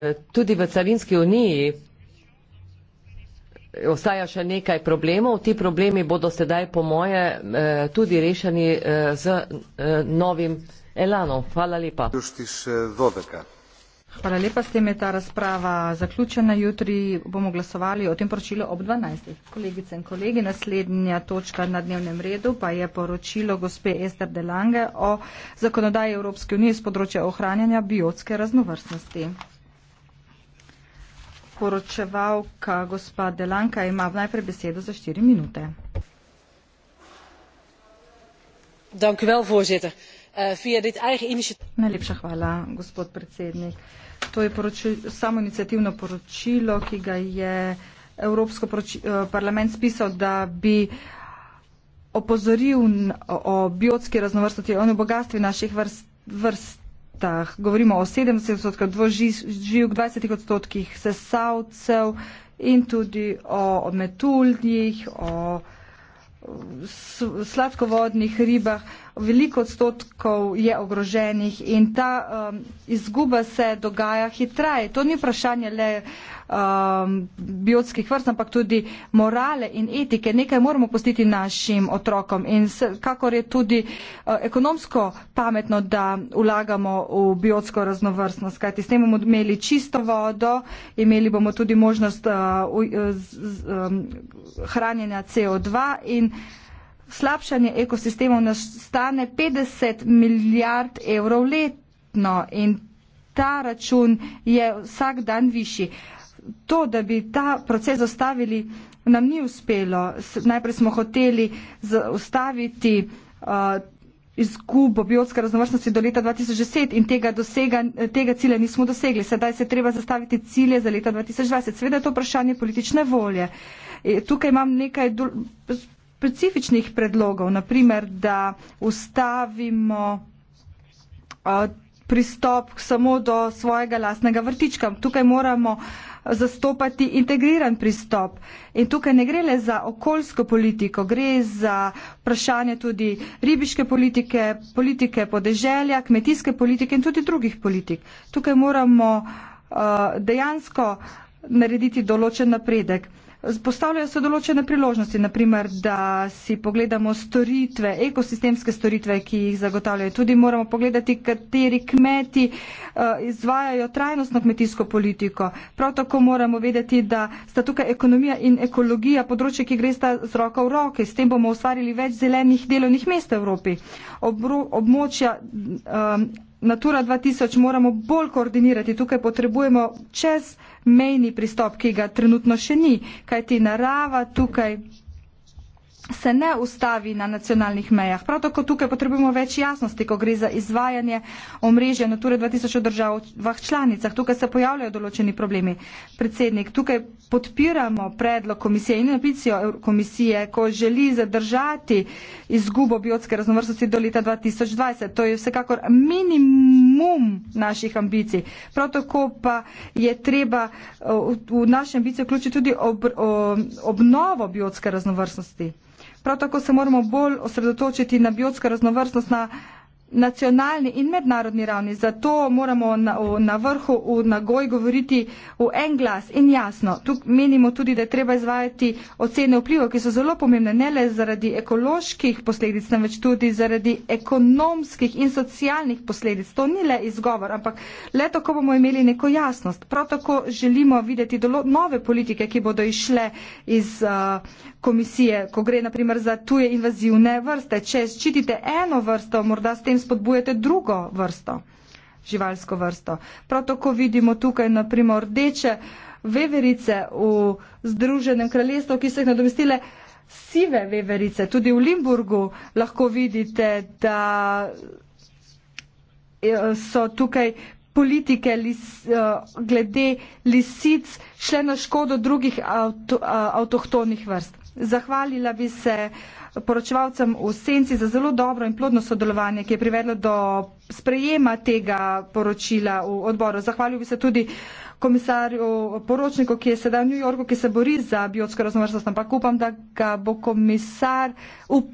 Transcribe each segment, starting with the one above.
Eh, tudi v carinski uniji eh, ostaja še nekaj problemov. Ti problemi bodo sedaj, po moje, eh, tudi rešeni z novim elanom. Hvala lepa. Hvala lepa, s tem je ta razprava zaključena. Jutri bomo glasovali o tem poročilu ob 12. Kolegice in kolegi, naslednja točka na dnevnem redu pa je poročilo gospe Ester Delange o zakonodaji Evropske unije z področja ohranjanja biotske raznovrstnosti poročevalka gospa Delanka ima najprej besedo za štiri minute. Dank u wel, voorzitter. Eh, via dit eigen initiatief. Najlepša hvala, gospod predsednik. To je samo inicijativno poročilo, ki ga je Evropsko eh, parlament spisal, da bi opozoril o biotski raznovrstnosti, o bogatstvi naših vrst, vrst Tah, govorimo o 70 odstotkih dvoživk, 20 odstotkih sesavcev in tudi o metuljih, o sladkovodnih ribah. Veliko odstotkov je ogroženih in ta um, izguba se dogaja hitraje. To ni vprašanje le uh, um, biotskih vrst, ampak tudi morale in etike. Nekaj moramo postiti našim otrokom in s, kakor je tudi uh, ekonomsko pametno, da vlagamo v biotsko raznovrstnost. Kajti s tem bomo imeli čisto vodo, imeli bomo tudi možnost uh, uh, um, hranjenja CO2 in. Slabšanje ekosistemov nas stane 50 milijard evrov letno in ta račun je vsak dan višji. Uh, to, da bi ta proces ustavili, nam ni uspelo. Najprej smo hoteli ustaviti uh, izgubo biotske raznovrstnosti do leta 2010 in tega, dosega, tega cilja nismo dosegli. Sedaj se treba zastaviti cilje za leta 2020. Seveda je to vprašanje politične volje. E, tukaj imam nekaj specifičnih predlogov, naprimer, da ustavimo. Uh, pristop samo do svojega lastnega vrtička. Tukaj moramo zastopati integriran pristop. In tukaj ne gre le za okoljsko politiko, gre za vprašanje tudi ribiške politike, politike podeželja, kmetijske politike in tudi drugih politik. Tukaj moramo uh, dejansko narediti določen napredek. Postavljajo se določene priložnosti, naprimer, da si pogledamo storitve, ekosistemske storitve, ki jih zagotavljajo. Tudi moramo pogledati, kateri kmeti uh, izvajajo trajnostno kmetijsko politiko. Prav tako moramo vedeti, da sta tukaj ekonomija in ekologija področje, ki gre sta z roko v roke. S tem bomo ustvarili več zelenih delovnih mest v Evropi. Obro, območja, um, Natura 2000 moramo bolj koordinirati. Tukaj potrebujemo čez mejni pristop, ki ga trenutno še ni, kajti narava tukaj se ne ustavi na nacionalnih mejah. Prav tako tukaj potrebujemo več jasnosti, ko gre za izvajanje omrežja Nature 2000 v državah članicah. Tukaj se pojavljajo določeni problemi. Predsednik, tukaj podpiramo predlog komisije in napicijo komisije, ko želi zadržati izgubo biotske raznovrstnosti do leta 2020. To je vsekakor minimum naših ambicij. Prav tako pa je treba eh, v naše ambicije vključiti tudi ob, o, obnovo biotske raznovrstnosti prav tako se moramo bolj osredotočiti na biotsko raznovrstnost, na nacionalni in mednarodni ravni. Zato moramo na, o, na vrhu v Nagoj govoriti v en glas in jasno. Tu menimo tudi, da je treba izvajati ocene vpliva, ki so zelo pomembne, ne le zaradi ekoloških posledic, temveč tudi zaradi ekonomskih in socialnih posledic. To ni le izgovor, ampak le tako bomo imeli neko jasnost. Prav tako želimo videti dolo, nove politike, ki bodo išle iz uh, komisije, ko gre naprimer za tuje invazivne vrste. Če ščitite eno vrsto, morda s tem potem spodbujate drugo vrsto, živalsko vrsto. Prav tako vidimo tukaj naprimer rdeče veverice v Združenem kraljestvu, ki so jih nadomestile sive veverice. Tudi v Limburgu lahko vidite, da eh, so tukaj politike lis, eh, glede lisic šle na škodo drugih avto, eh, avtohtonih vrst. Zahvalila bi se uh, poročevalcem v senci za zelo dobro in plodno sodelovanje, ki je privedlo do sprejema tega poročila v odboru. Zahvalil bi se tudi komisarju poročniku, ki je sedaj v New Yorku, ki se bori za biotsko raznovrstnost, ampak upam, da ga bo komisar, up,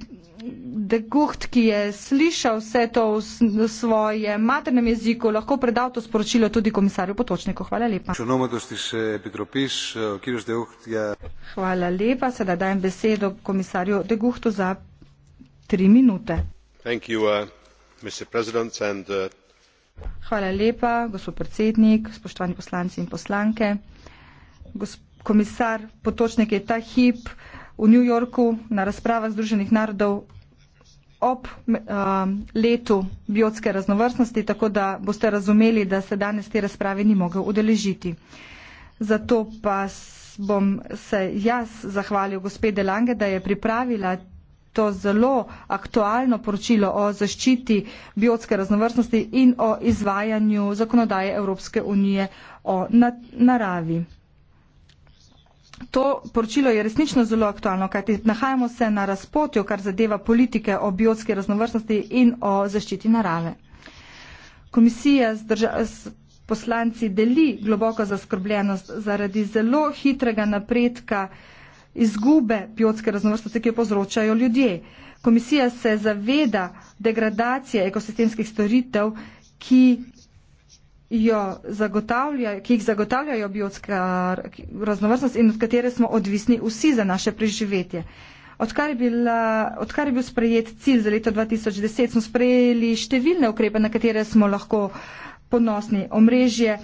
degoht, ki je slišal vse to v svojem maternem jeziku, lahko predal to sporočilo tudi komisarju Potočniku. Hvala lepa. Eh, eh, ja. Hvala lepa. Sedaj dajem besedo komisarju deguhtu za tri minute. Uh, uh, Hvala lepa, gospod predsednik, spoštovani poslanci in poslanke. Gosp komisar Potočnik je ta hip uh, v New Yorku na razpravah Združenih narodov ob um, letu biotske raznovrstnosti, tako da boste razumeli, da se danes te razprave ni mogel udeležiti. Zato pa bom se jaz zahvalil gospede Lange, da je pripravila to zelo aktualno poročilo o zaščiti biotske raznovrstnosti in o izvajanju zakonodaje Evropske unije o naravi. To poročilo je resnično zelo aktualno, kajti nahajamo se na razpotju, kar zadeva politike o biotski raznovrstnosti in o zaščiti narave. Komisija z, drža, z poslanci deli globoko zaskrbljenost zaradi zelo hitrega napredka izgube biotske raznovrstnosti, ki jo povzročajo ljudje. Komisija se zaveda degradacije ekosistemskih storitev, ki jo zagotavlja, ki jih zagotavljajo biotska raznovrstnost in od katere smo odvisni vsi za naše preživetje. Odkar je, bila, odkar je bil sprejet cilj za leto 2010, smo sprejeli številne ukrepe, na katere smo lahko ponosni. Omrežje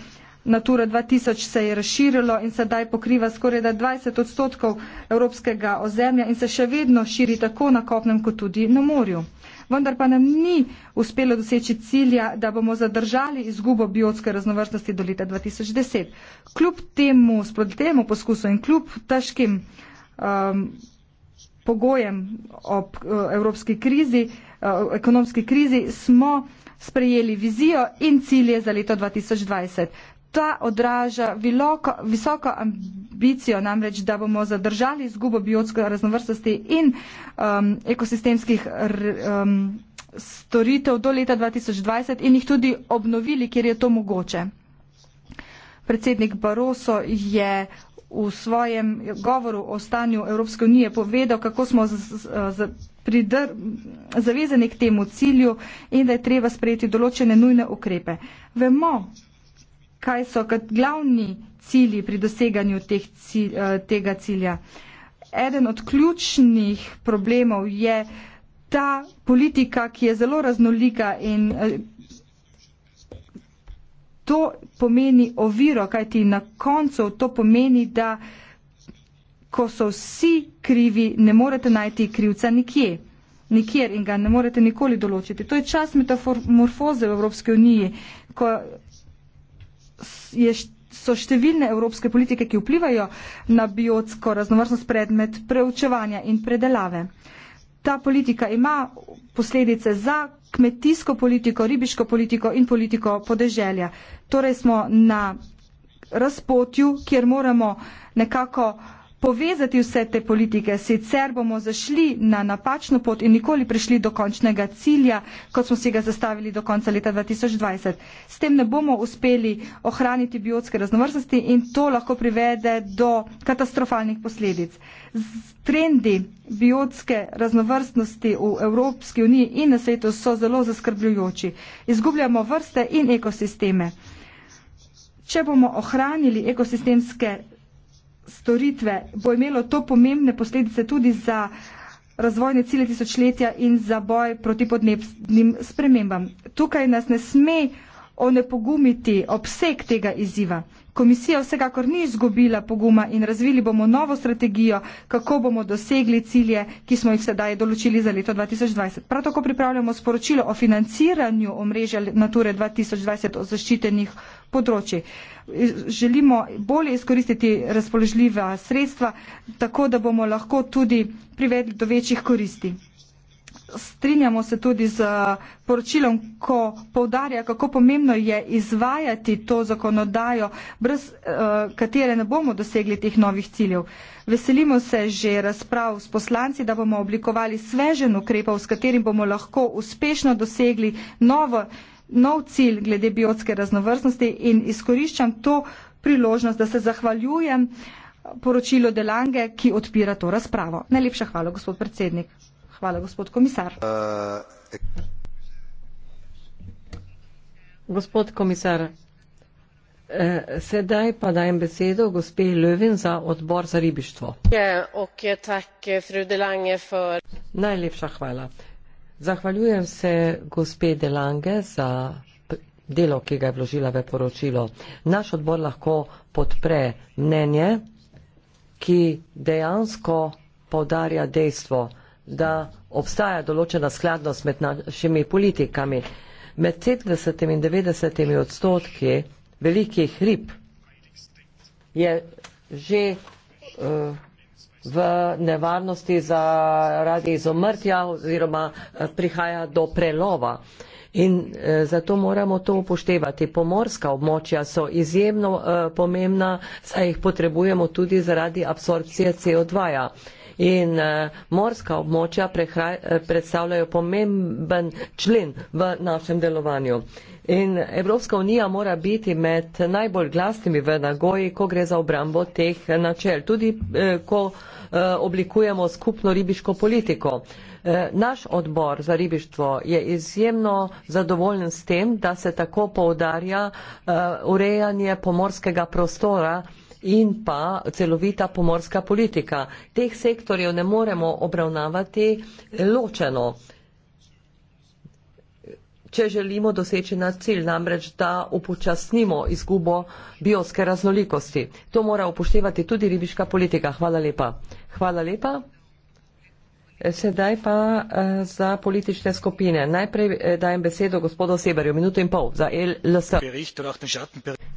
Natura 2000 se je razširilo in sedaj pokriva skoraj 20 odstotkov evropskega ozemlja in se še vedno širi tako na kopnem, kot tudi na morju vendar pa nam ni uspelo doseči cilja, da bomo zadržali izgubo biotske raznovrstnosti do leta 2010. Kljub temu, temu poskusu in kljub težkim um, pogojem ob uh, evropski krizi, uh, ekonomski krizi, smo sprejeli vizijo in cilje za leto 2020 ta odraža viloko, visoko ambicijo, namreč, da bomo zadržali izgubo biotske raznovrstnosti in um, ekosistemskih um, storitev do leta 2020 in jih tudi obnovili, kjer je to mogoče. Predsednik Baroso je v svojem govoru o stanju Evropske unije povedal, kako smo z, z, z, pridr, zavezani k temu cilju in da je treba sprejeti določene nujne ukrepe. Vemo, kaj so glavni cilji pri doseganju teh cilj, eh, tega cilja. Eden od ključnih problemov je ta politika, ki je zelo raznolika in eh, to pomeni oviro, kaj ti na koncu to pomeni, da ko so vsi krivi, ne morete najti krivca nikje, nikjer in ga ne morete nikoli določiti. To je čas metamorfoze v Evropske uniji, ko je, so številne evropske politike, ki vplivajo na biotsko raznovrstnost predmet preučevanja in predelave. Ta politika ima posledice za kmetijsko politiko, ribiško politiko in politiko podeželja. Torej smo na razpotju, kjer moramo nekako povezati vse te politike, sicer bomo zašli na napačno pot in nikoli prišli do končnega cilja, kot smo si ga zastavili do konca leta 2020. S tem ne bomo uspeli ohraniti biotske raznovrstnosti in to lahko privede do katastrofalnih posledic. Trendi biotske raznovrstnosti v Evropski uniji in na svetu so zelo zaskrbljujoči. Izgubljamo vrste in ekosisteme. Če bomo ohranili ekosistemske storitve, bo imelo to pomembne posledice tudi za razvojne cilje tisočletja in za boj proti podnebnim spremembam. Tukaj nas ne sme onepogumiti obseg tega izziva. Komisija vsekakor ni izgubila poguma in razvili bomo novo strategijo, kako bomo dosegli cilje, ki smo jih sedaj določili za leto 2020. Prav tako pripravljamo sporočilo o financiranju omrežja Nature 2020 o zaščitenih področji. Želimo bolje izkoristiti razpoložljiva sredstva, tako da bomo lahko tudi privedli do večjih koristi strinjamo se tudi z poročilom, ko povdarja, kako pomembno je izvajati to zakonodajo, brez uh, katere ne bomo dosegli teh novih ciljev. Veselimo se že razprav s poslanci, da bomo oblikovali svežen ukrepov, s katerim bomo lahko uspešno dosegli novo, nov cilj glede biotske raznovrstnosti in izkoriščam to priložnost, da se zahvaljujem poročilo Delange, ki odpira to razpravo. Najlepša hvala, gospod predsednik. Hvala, gospod komisar. Uh, gospod komisar, eh, sedaj pa dajem besedo gospe Lövin za odbor za ribištvo. Ja, eh, Najlepša hvala. Zahvaljujem se gospe Delange za delo, ki ga je vložila v poročilo. Naš odbor lahko podpre mnenje, ki dejansko podarja dejstvo, da obstaja določena skladnost med našimi politikami. Med 70 in 90 odstotki velikih rib je že uh, v nevarnosti zaradi izomrtja oziroma eh, prihaja do prelova. In eh, zato moramo to upoštevati. Pomorska območja so izjemno uh, pomembna, saj jih potrebujemo tudi zaradi absorpcije CO2. -ja. Uh, in eh, morska območja eh, predstavljajo pomemben člen v našem delovanju. In Evropska unija mora biti med najbolj glasnimi v Nagoji, ko gre za obrambo teh eh, načel, tudi ko oblikujemo skupno ribiško politiko. Naš odbor za ribištvo je izjemno zadovoljen s tem, da se tako poudarja urejanje pomorskega prostora in pa celovita pomorska politika. Teh sektorjev ne moremo obravnavati ločeno, če želimo doseči na cilj, namreč da upočasnimo izgubo biotske raznolikosti. To mora upoštevati tudi ribiška politika. Hvala lepa. Hvala lepa. Sedaj pa eh, za politične skupine. Najprej eh, dajem besedo gospodu Seberju, minuto in pol za LS.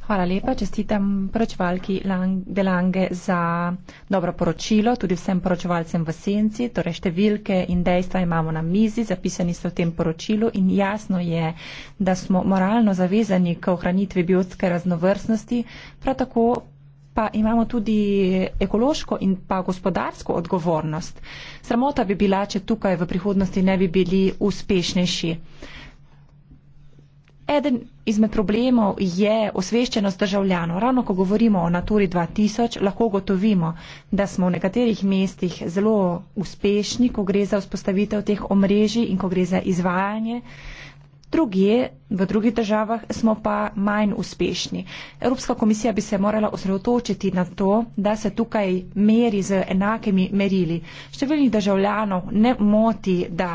Hvala lepa, čestitam poročevalki Delange za dobro poročilo, tudi vsem poročevalcem v senci. Torej številke in dejstva imamo na mizi, zapisani so v tem poročilu in jasno je, da smo moralno zavezani k ohranitvi biotske raznovrstnosti, prav tako pa imamo tudi ekološko in pa gospodarsko odgovornost. Sramota bi bila, če tukaj v prihodnosti ne bi bili uspešnejši. Eden izmed problemov je osveščenost državljanov. Ravno ko govorimo o Naturi 2000, lahko gotovimo, da smo v nekaterih mestih zelo uspešni, ko gre za vzpostavitev teh omrežij in ko gre za izvajanje. Uh, drugje, v drugih državah smo pa manj uspešni. Evropska komisija bi se morala osredotočiti na to, da se tukaj meri z enakimi merili. Številnih državljanov ne moti, da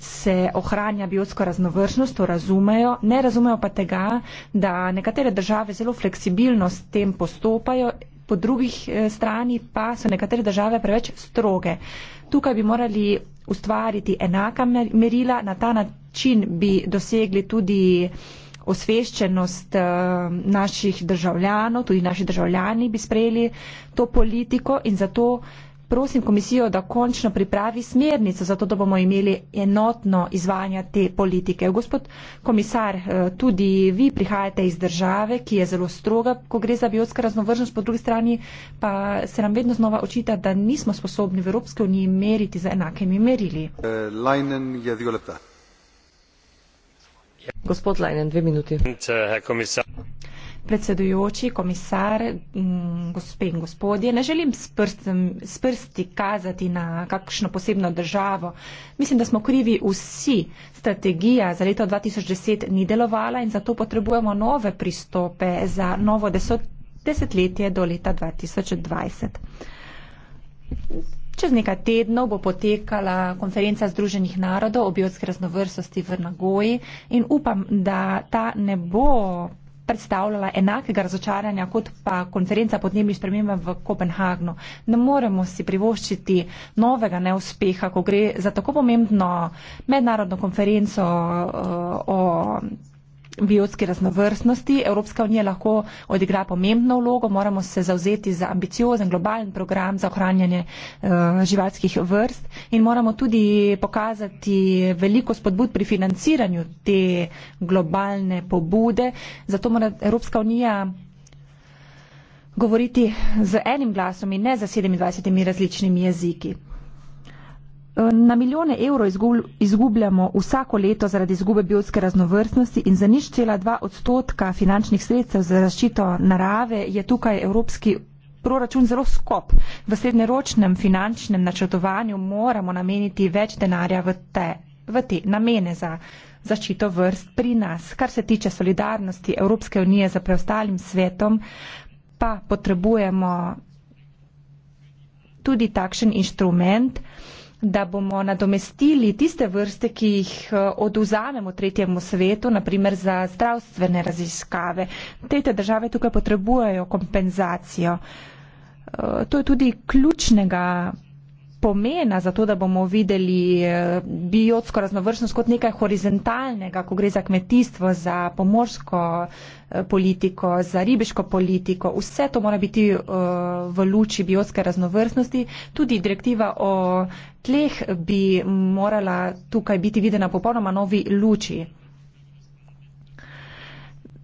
se ohranja biotsko raznovršnost, to razumejo, ne razumejo pa tega, da nekatere države zelo fleksibilno s tem postopajo, po drugih eh, strani pa so nekatere države preveč stroge. Tukaj bi morali ustvariti enaka merila, na ta način način bi dosegli tudi osveščenost eh, naših državljanov, tudi naši državljani bi sprejeli to politiko in zato prosim komisijo, da končno pripravi smernico, zato da bomo imeli enotno izvajanje te politike. Gospod komisar, eh, tudi vi prihajate iz države, ki je zelo stroga, ko gre za biotsko raznovržnost, po drugi strani pa se nam vedno znova očita, da nismo sposobni v Evropski uniji meriti za enakimi merili. Uh, Gospod Lajnen, dve minuti. Predsedujoči, komisar, gospe in gospodje, ne želim s, prstem, s prsti kazati na kakšno posebno državo. Mislim, da smo krivi vsi. Strategija za leto 2010 ni delovala in zato potrebujemo nove pristope za novo desetletje do leta 2020. Čez nekaj tednov bo potekala konferenca Združenih narodov o biotski raznovrstosti v Nagoji in upam, da ta ne bo predstavljala enakega razočaranja kot pa konferenca podnebnih sprememb v Kopenhagnu. Ne moremo si privoščiti novega neuspeha, ko gre za tako pomembno mednarodno konferenco eh, o biotski raznovrstnosti. Evropska unija lahko odigra pomembno vlogo, moramo se zauzeti za ambiciozen globalen program za ohranjanje eh, živalskih vrst in moramo tudi pokazati veliko spodbud pri financiranju te globalne pobude. Zato mora Evropska unija govoriti z enim glasom in ne z 27 različnimi jeziki. Na milijone evrov izgubljamo vsako leto zaradi izgube biotske raznovrstnosti in za nič cela dva odstotka finančnih sredstev za zaščito narave je tukaj evropski proračun zelo skop. V srednjeročnem finančnem načrtovanju moramo nameniti več denarja v te, v te namene za zaščito vrst pri nas. Kar se tiče solidarnosti Evropske unije za preostalim svetom, pa potrebujemo tudi takšen inštrument, da bomo nadomestili tiste vrste, ki jih eh, oduzamemo tretjemu svetu, naprimer za zdravstvene raziskave. Tete države tukaj potrebujejo kompenzacijo. Eh, to je tudi ključnega pomena za to, da bomo videli eh, biotsko raznovrstnost kot nekaj horizontalnega, ko gre za kmetijstvo, za pomorsko eh, politiko, za ribiško politiko. Vse to mora biti eh, v luči biotske raznovrstnosti. Tudi direktiva o tleh bi morala tukaj biti videna popolnoma novi luči.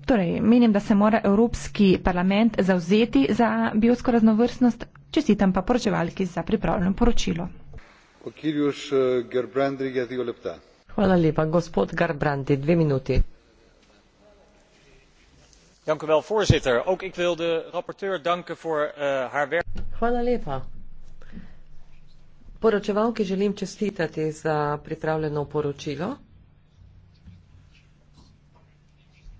Torej, menim, da se mora Evropski parlament zauzeti za biotsko raznovrstnost, čestitam pa poročevalki za pripravljeno poročilo. Eh, Hvala lepa, gospod Garbrandi, dve minuti. Eh, Hvala lepa. Poročevalki želim čestitati za pripravljeno poročilo.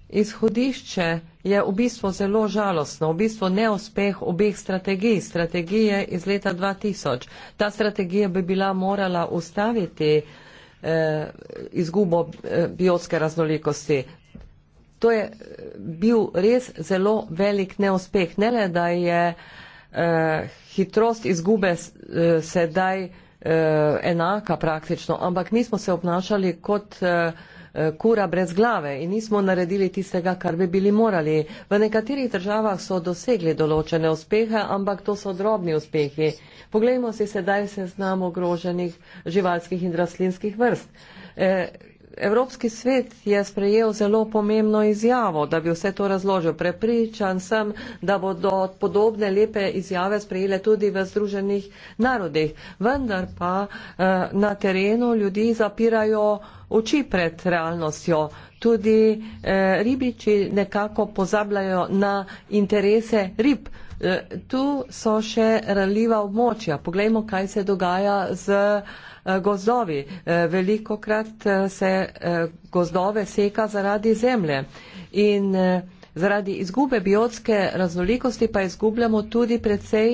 Izhodišče je v bistvu zelo žalostno, v bistvu neuspeh obeh strategij, strategije iz leta 2000. Ta strategija bi bila morala ustaviti eh, izgubo eh, biotske raznolikosti. To je eh, bil res zelo velik neuspeh. Ne le, da je eh, hitrost izgube eh, sedaj eh, enaka praktično, ampak mi smo se obnašali kot. Eh, Eh, kura brez glave in nismo naredili tistega, kar bi bili morali. V nekaterih državah so dosegli določene uspehe, ampak to so drobni uspehi. Poglejmo si sedaj seznam ogroženih živalskih in rastlinskih vrst. Eh, Evropski svet je sprejel zelo pomembno izjavo, da bi vse to razložil. Prepričan sem, da bodo podobne lepe izjave sprejele tudi v Združenih narodih. Vendar pa eh, na terenu ljudi zapirajo oči pred realnostjo. Tudi eh, ribiči nekako pozabljajo na interese rib. Eh, tu so še ranljiva območja. Poglejmo, kaj se dogaja z. Eh, gozdovi. Eh, Veliko krat eh, se gozdove seka zaradi zemlje in zaradi izgube biotske raznolikosti pa izgubljamo tudi precej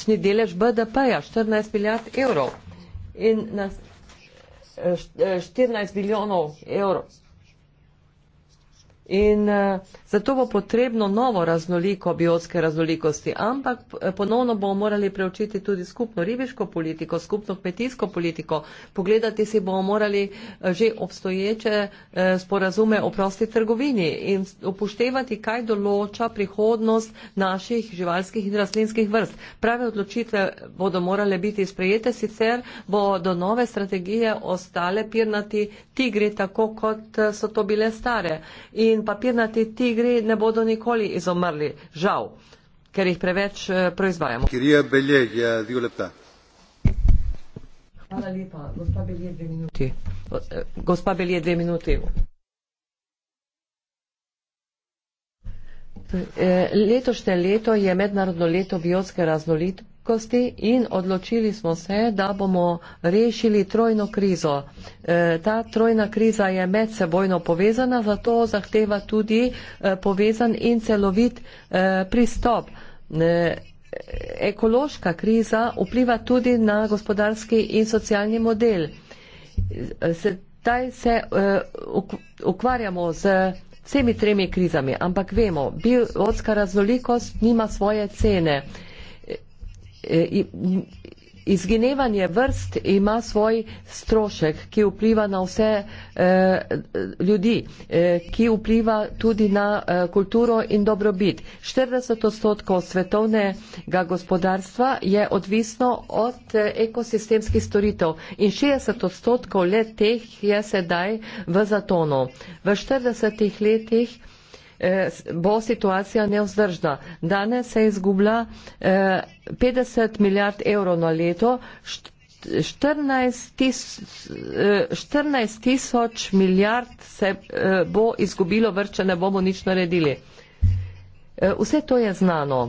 šni delež BDP-ja, 14 milijard evrov in 14 milijonov evrov. In uh, zato bo potrebno novo raznoliko biotske raznolikosti, ampak eh, ponovno bomo morali preučiti tudi skupno ribiško politiko, skupno kmetijsko politiko, pogledati si bomo morali eh, že obstoječe eh, sporazume o prosti trgovini in upoštevati, kaj določa prihodnost naših živalskih in rastlinskih vrst. Prave odločitve bodo morale biti sprejete, sicer bo do nove strategije ostale pirnati tigri, tako kot so to bile stare. In in papirnati tigri ne bodo nikoli izomrli, žal, ker jih preveč eh, proizvajamo. Ja, Hvala lepa, gospa Belje, dve minuti. Gospa Belje, dve minuti. Eh, letošnje leto je mednarodno leto biotske raznolikosti in odločili smo se, da bomo rešili trojno krizo. Eh, ta trojna kriza je medsebojno povezana, zato zahteva tudi eh, povezan in celovit pristop. Ekološka kriza vpliva tudi na gospodarski in socialni model. Zdaj se ukvarjamo z vsemi tremi krizami. Ampak vemo, biotska raznolikost nima svoje cene. E, e, Izginevanje vrst ima svoj strošek, ki vpliva na vse eh, ljudi, eh, ki vpliva tudi na eh, kulturo in dobrobit. 40 odstotkov svetovnega gospodarstva je odvisno od eh, ekosistemskih storitev in 60 odstotkov let teh je sedaj v zatonu. V 40 letih Eh, bo situacija neozdržna. Danes se izgublja 50 eh, milijard evrov na leto, 14 eh, tisoč milijard se bo izgubilo, vrče ne bomo nič naredili. Vse to je znano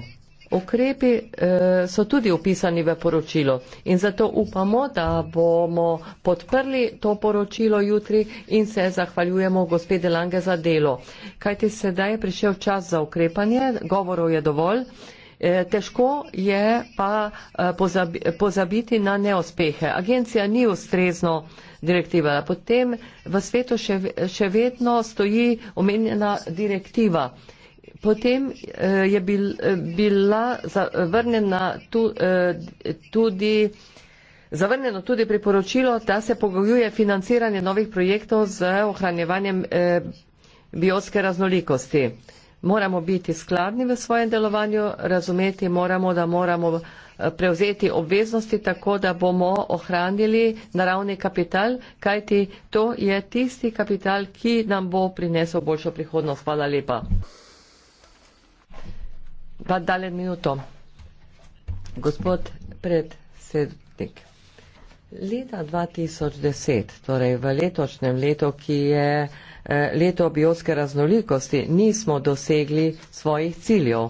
ukrepi eh, so tudi upisani v poročilo in zato upamo, da bomo podprli to poročilo jutri in se zahvaljujemo gospede Lange za delo. Kajti sedaj je prišel čas za ukrepanje, govorov je dovolj. Eh, težko je pa eh, pozabiti na neuspehe. Agencija ni ustrezno direktiva. Potem v svetu še, še vedno stoji omenjena direktiva potem eh, je bil, eh, bila zavrnjena tu, eh, tudi, zavrnjeno tudi priporočilo, da se pogojuje financiranje novih projektov z ohranjevanjem biotske raznolikosti. Moramo biti skladni v svojem delovanju, razumeti moramo, da moramo prevzeti obveznosti tako, da bomo ohranili naravni kapital, kajti to je tisti kapital, ki nam bo prinesel boljšo prihodnost. Hvala lepa. Pa dale minuto. Gospod predsednik, leta 2010, torej v letošnjem letu, ki je eh, leto biotske raznolikosti, nismo dosegli svojih ciljev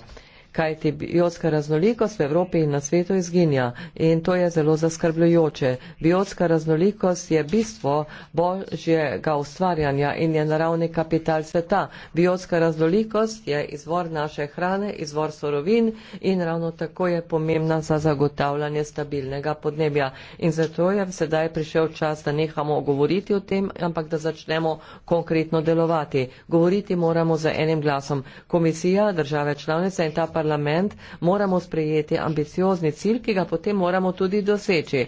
kajti biotska raznolikost v Evropi in na svetu izginja in to je zelo zaskrbljujoče. Biotska raznolikost je bistvo božjega ustvarjanja in je naravni kapital sveta. Biotska raznolikost je izvor naše hrane, izvor sorovin in ravno tako je pomembna za zagotavljanje stabilnega podnebja. In zato je sedaj prišel čas, da nehamo govoriti o tem, ampak da začnemo konkretno delovati. Govoriti moramo z enim glasom. Komisija, države članice in ta parlament parlament, moramo sprejeti ambiciozni cilj, ki ga potem moramo tudi doseči.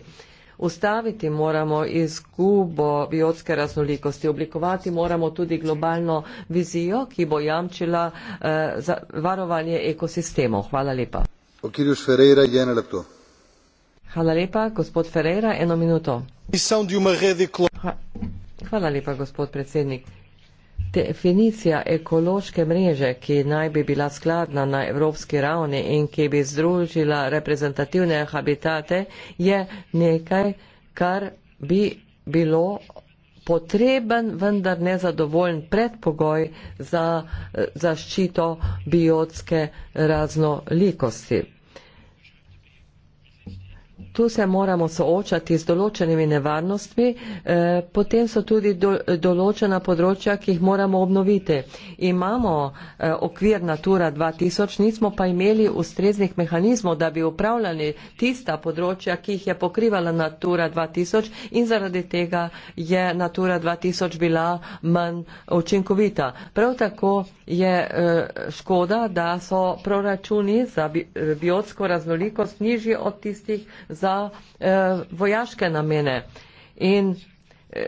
Ustaviti moramo izgubo biotske raznolikosti, oblikovati moramo tudi globalno vizijo, ki bo jamčila eh, varovanje ekosistemov. Hvala lepa. Hvala lepa, gospod Ferreira, eno minuto. Hvala lepa, gospod predsednik. Definicija ekološke mreže, ki naj bi bila skladna na evropski ravni in ki bi združila reprezentativne habitate, je nekaj, kar bi bilo potreben, vendar nezadovoljen predpogoj za eh, zaščito biotske raznolikosti tu se moramo soočati z določenimi nevarnostmi, eh, potem so tudi določena področja, ki jih moramo obnoviti. Imamo eh, okvir Natura 2000, nismo pa imeli ustreznih mehanizmov, da bi upravljali tista področja, ki jih je pokrivala Natura 2000 in zaradi tega je Natura 2000 bila manj učinkovita. Prav tako je eh, škoda, da so proračuni za biotsko raznolikost nižji od tistih za za eh, vojaške namene. In eh,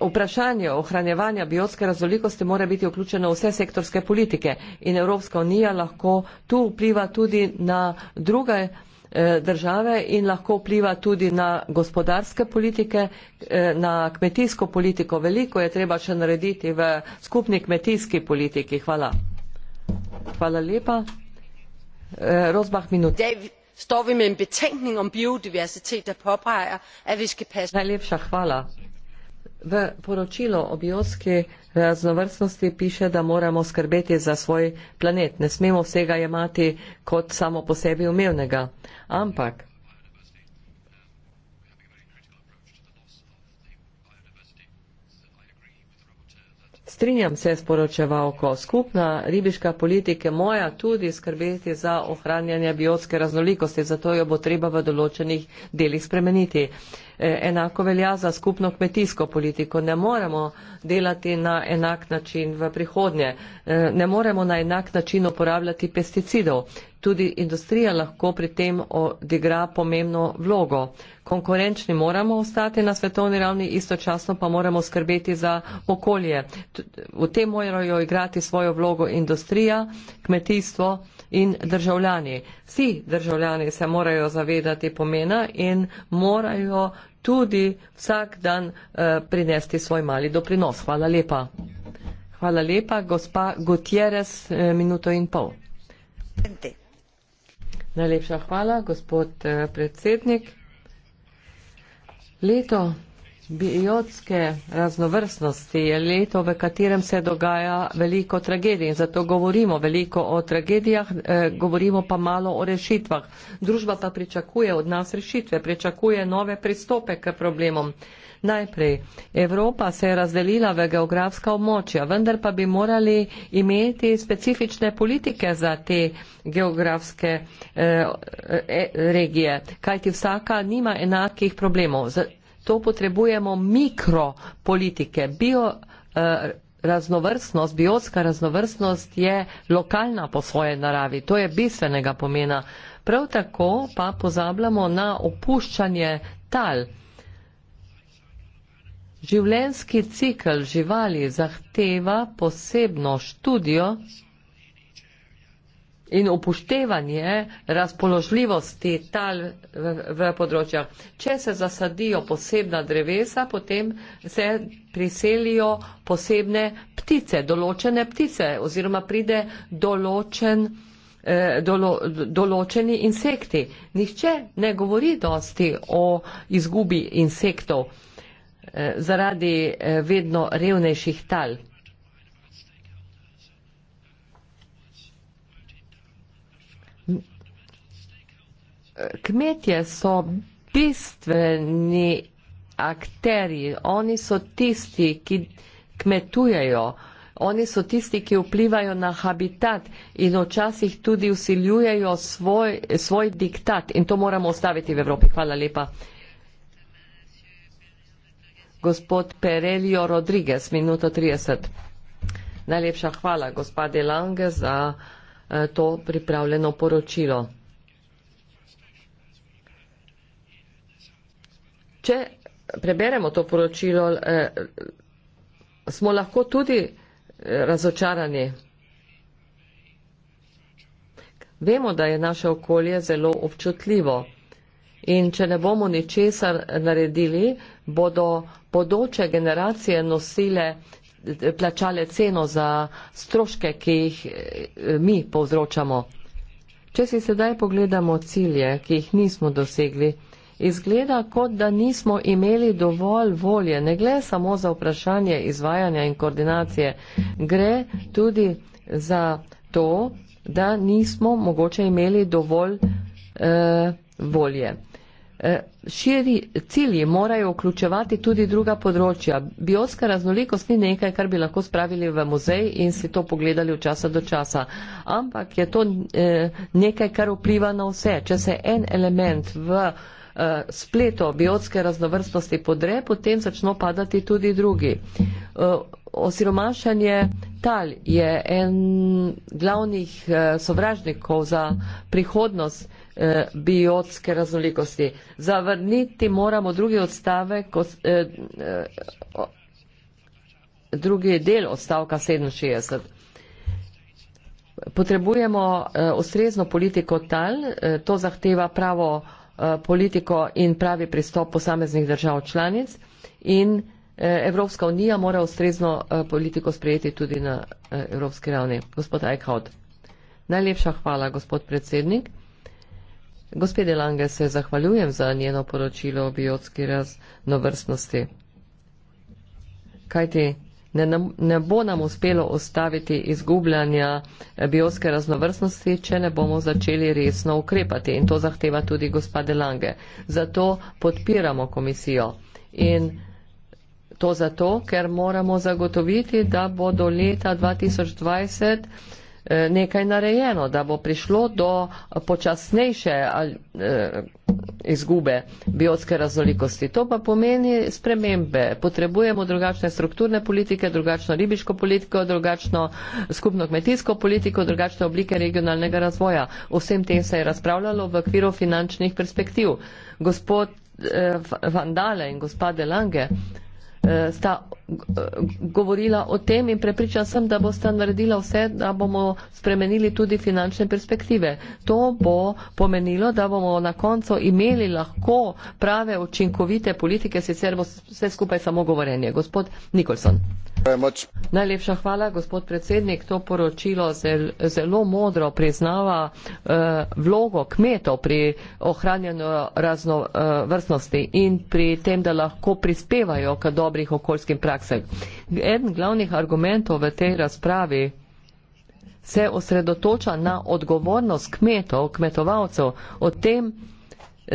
vprašanje ohranjevanja biotske razolikosti mora biti vključeno v vse sektorske politike in Evropska unija lahko tu vpliva tudi na druge eh, države in lahko vpliva tudi na gospodarske politike, eh, na kmetijsko politiko. Veliko je treba še narediti v skupni kmetijski politiki. Hvala. Hvala lepa. Eh, Rozbah minuta står vi med en betænkning om biodiversitet der påpeger at vi skal passe. Najlepša hvala. V poročilu o biotski raznovrstnosti piše, da moramo skrbeti za svoj planet. Ne smemo vsega jemati kot samo po sebi umevnega. Ampak strinjam se s poročevalko. Skupna ribiška politika je moja tudi skrbeti za ohranjanje biotske raznolikosti, zato jo bo treba v določenih delih spremeniti. E, enako velja za skupno kmetijsko politiko. Ne moremo delati na enak način v prihodnje. E, ne moremo na enak način uporabljati pesticidov tudi industrija lahko pri tem odigra pomembno vlogo. Konkurenčni moramo ostati na svetovni ravni, istočasno pa moramo skrbeti za okolje. V tem morajo igrati svojo vlogo industrija, kmetijstvo in državljani. Vsi državljani se morajo zavedati pomena in morajo tudi vsak dan eh, prinesti svoj mali doprinos. Hvala lepa. Hvala lepa, gospa Gutierrez, eh, minuto in pol. Gente. Najlepša hvala, gospod eh, predsednik. Leto biotske raznovrstnosti je leto, v katerem se dogaja veliko tragedij in zato govorimo veliko o tragedijah, eh, govorimo pa malo o rešitvah. Družba pa pričakuje od nas rešitve, pričakuje nove pristope k problemom. Najprej, Evropa se je razdelila v geografska območja, vendar pa bi morali imeti specifične politike za te geografske eh, e, regije, kajti vsaka nima enakih problemov. Zato potrebujemo mikropolitike. Bio, eh, raznovrstnost, biotska raznovrstnost je lokalna po svoje naravi, to je bistvenega pomena. Prav tako pa pozabljamo na opuščanje tal. Življenjski cikl živali zahteva posebno študijo in upoštevanje razpoložljivosti tal v, v področjah. Če se zasadijo posebna drevesa, potem se priselijo posebne ptice, določene ptice oziroma pride določen, eh, dolo, določeni insekti. Nihče ne govori dosti o izgubi insektov. Eh, zaradi eh, vedno revnejših tal. Kmetje so bistveni akterji, oni so tisti, ki kmetujejo, oni so tisti, ki vplivajo na habitat in včasih tudi usiljujejo svoj, svoj diktat in to moramo ostaviti v Evropi. Hvala lepa. Gospod Perelio Rodriguez, minuto 30. Najlepša hvala, gospa Delange, za eh, to pripravljeno poročilo. Če preberemo to poročilo, eh, smo lahko tudi eh, razočarani. Vemo, da je naše okolje zelo občutljivo. In če ne bomo ničesar naredili, bodo bodoče generacije nosile, eh, plačale ceno za stroške, ki jih eh, mi povzročamo. Če si sedaj pogledamo cilje, ki jih nismo dosegli, izgleda, kot da nismo imeli dovolj volje. Ne gre samo za vprašanje izvajanja in koordinacije, gre tudi za to, da nismo mogoče imeli dovolj eh, volje. Eh, širi cilji morajo vključevati tudi druga področja. Biotska raznolikost ni nekaj, kar bi lahko spravili v muzej in si to pogledali od časa do časa, ampak je to eh, nekaj, kar vpliva na vse. Če se en element v eh, spleto biotske raznovrstnosti podre, potem začno padati tudi drugi. Osiromašanje tal je en glavnih sovražnikov za prihodnost eh, biotske raznolikosti. Zavrniti moramo drugi odstavek, eh, eh, drugi del odstavka 67. Potrebujemo eh, ustrezno politiko tal, eh, to zahteva pravo eh, politiko in pravi pristop posameznih držav članic in eh, Evropska unija mora ustrezno eh, politiko sprejeti tudi na eh, evropski ravni. Gospod Eichhout. Najlepša hvala, gospod predsednik. Gospede Lange se zahvaljujem za njeno poročilo o biotski raznovrstnosti. Kajti ne, ne bo nam uspelo ostaviti izgubljanja biotske raznovrstnosti, če ne bomo začeli resno ukrepati. In to zahteva tudi gospode Lange. Zato podpiramo komisijo. In to zato, ker moramo zagotoviti, da bo do leta 2020 Eh, nekaj narejeno, da bo prišlo do počasnejše eh, izgube biotske raznolikosti. To pa pomeni spremembe. Potrebujemo drugačne strukturne politike, drugačno ribiško politiko, drugačno skupno kmetijsko politiko, drugačne oblike regionalnega razvoja. Vsem tem se je razpravljalo v okviru finančnih perspektiv. Gospod eh, Vandale in gospa Delange Eh, sta eh, govorila o tem in prepričan sem, da bosta naredila vse, da bomo spremenili tudi finančne perspektive. To bo pomenilo, da bomo na koncu imeli lahko prave učinkovite politike, sicer bo vse skupaj samo govorenje. Gospod Nikolson. Najlepša hvala, gospod predsednik. To poročilo zelo, zelo modro priznava eh, vlogo kmetov pri ohranjanju raznovrstnosti eh, in pri tem, da lahko prispevajo k dobrih okoljskim praksem. Eden glavnih argumentov v tej razpravi se osredotoča na odgovornost kmetov, kmetovalcev o tem,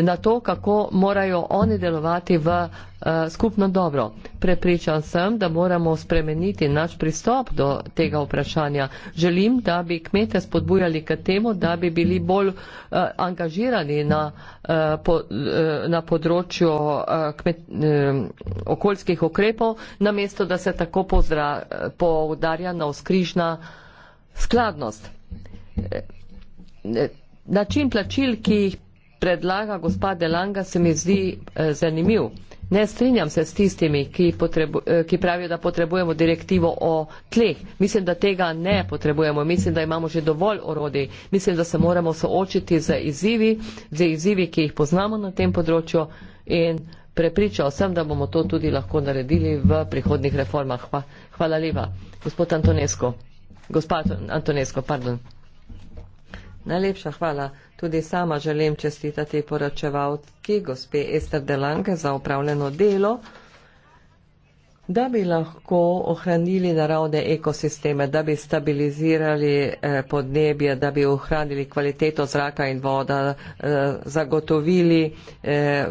na to, kako morajo oni delovati v eh, skupno dobro. Prepričan sem, da moramo spremeniti naš pristop do tega vprašanja. Želim, da bi kmete spodbujali k temu, da bi bili bolj eh, angažirani na, eh, na področju kmet, okoljskih okrepov, namesto da se tako pozdra, poudarja na oskrižna skladnost. Način plačil, ki jih predlaga gospa Delanga, se mi zdi eh, zanimiv. Ne strinjam se s tistimi, ki, eh, ki pravijo, da potrebujemo direktivo o tleh. Mislim, da tega ne potrebujemo. Mislim, da imamo že dovolj orodij. Mislim, da se moramo soočiti z izzivi, z izzivi, ki jih poznamo na tem področju in prepričal sem, da bomo to tudi lahko naredili v prihodnih reformah. Hva, hvala lepa. Gospod Antonesko. Gospa Antonesko, pardon. Najlepša hvala. Tudi sama želim čestitati poročevalki gospe Ester Delanke za upravljeno delo, da bi lahko ohranili naravne ekosisteme, da bi stabilizirali eh, podnebje, da bi ohranili kvaliteto zraka in voda, eh, zagotovili eh,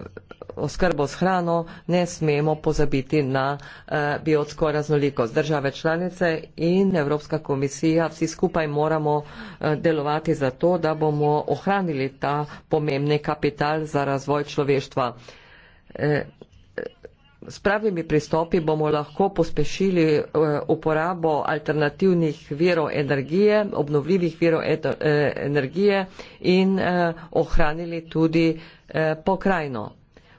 oskrbo s hrano ne smemo pozabiti na eh, biotsko raznolikost. Države članice in Evropska komisija, vsi skupaj moramo eh, delovati za to, da bomo ohranili ta pomembni kapital za razvoj človeštva. Eh, s pravimi pristopi bomo lahko pospešili uporabo alternativnih virov energije, obnovljivih virov energije in ohranili tudi pokrajino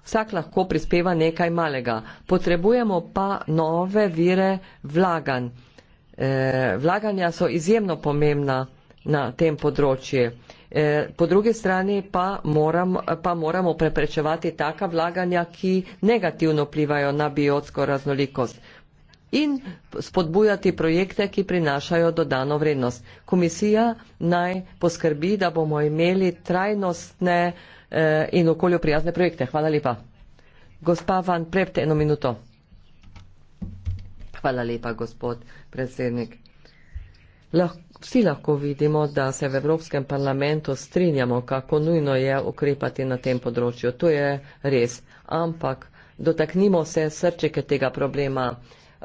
vsak lahko prispeva nekaj malega. Potrebujemo pa nove vire vlaganj. E, vlaganja so izjemno pomembna na tem področju. E, po drugi strani pa, moram, pa moramo preprečevati taka vlaganja, ki negativno vplivajo na biotsko raznolikost in spodbujati projekte, ki prinašajo dodano vrednost. Komisija naj poskrbi, da bomo imeli trajnostne eh, Eh, in okoljo prijazne projekte. Hvala lepa. Gospa Van Prepte, eno minuto. Hvala lepa, gospod predsednik. Lahko, vsi lahko vidimo, da se v Evropskem parlamentu strinjamo, kako nujno je ukrepati na tem področju. To je res. Ampak dotaknimo se srčike tega problema.